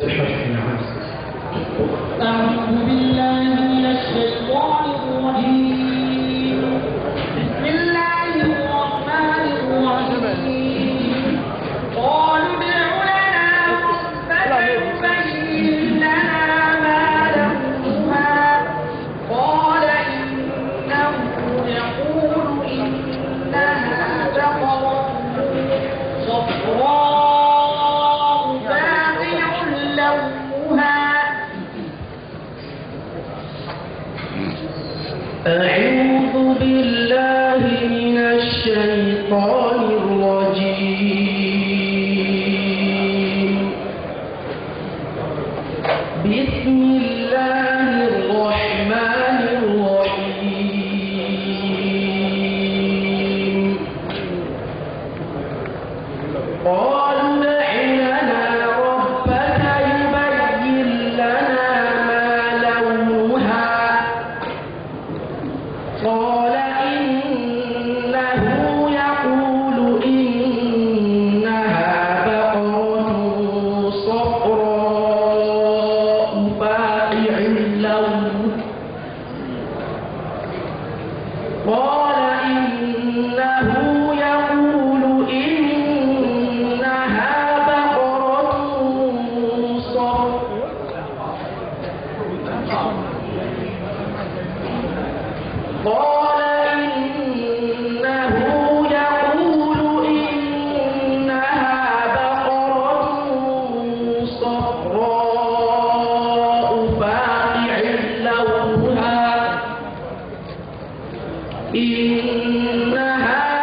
نعم. أعوذ بالله قالوا إنها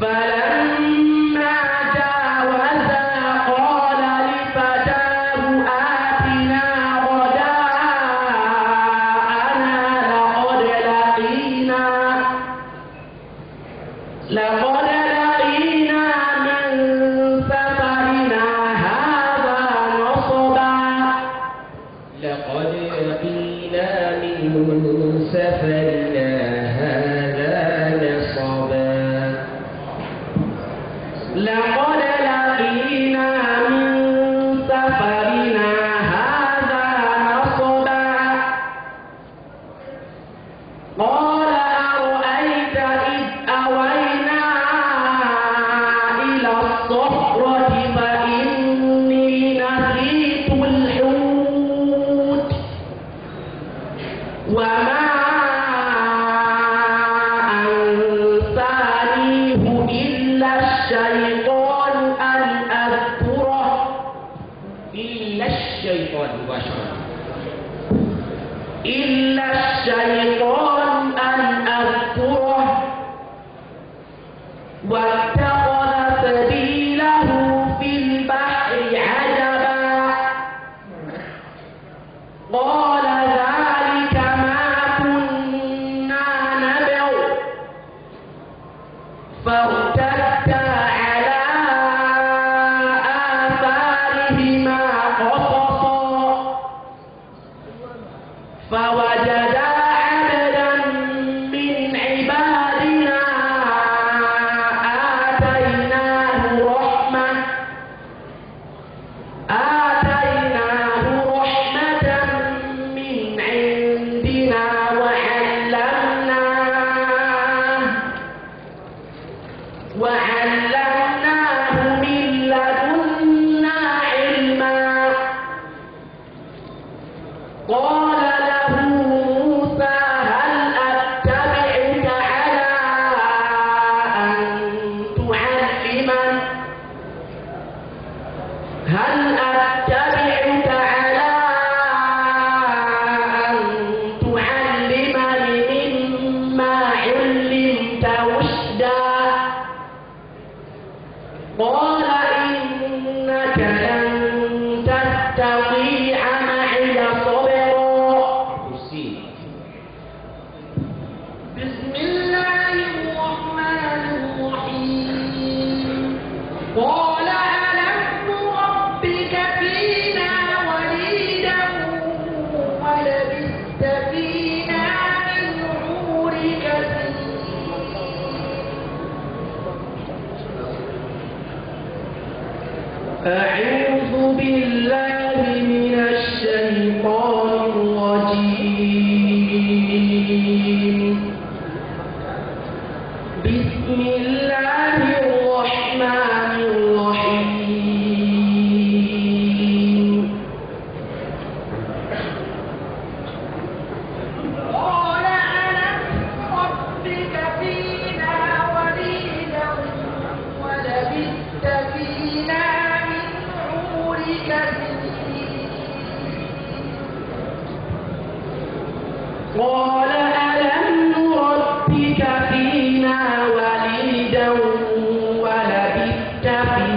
فلا happy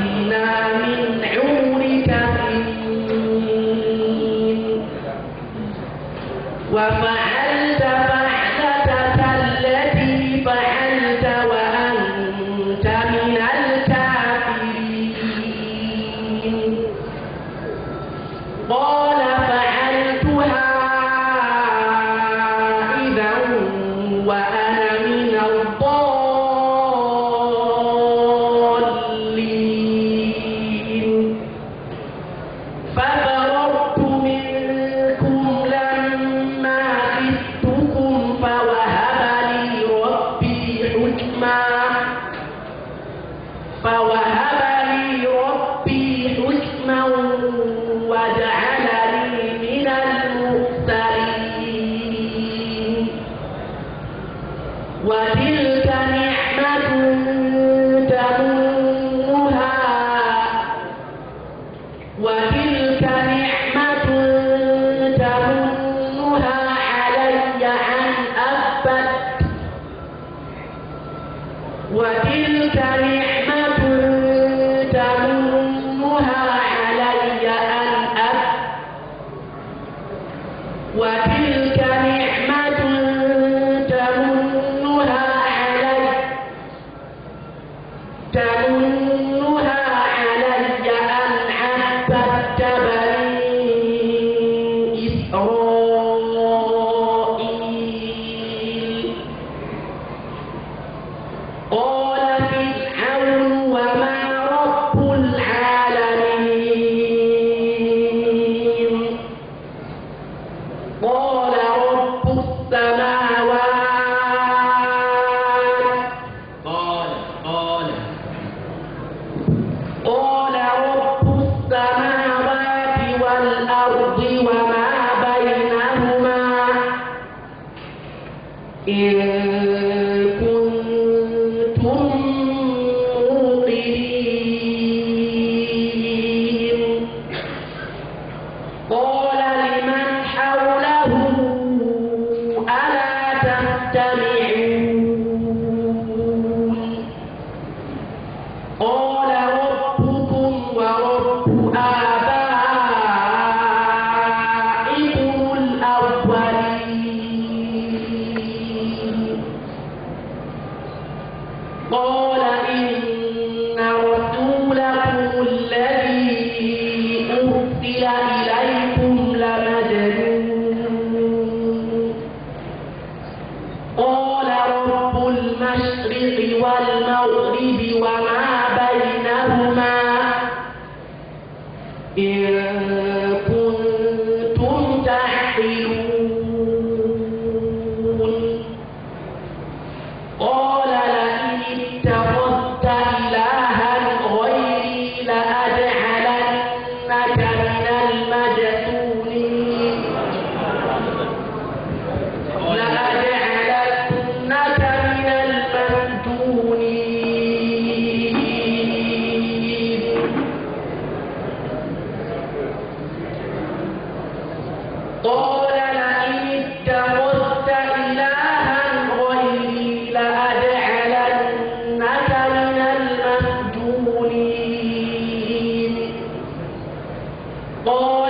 Gracias.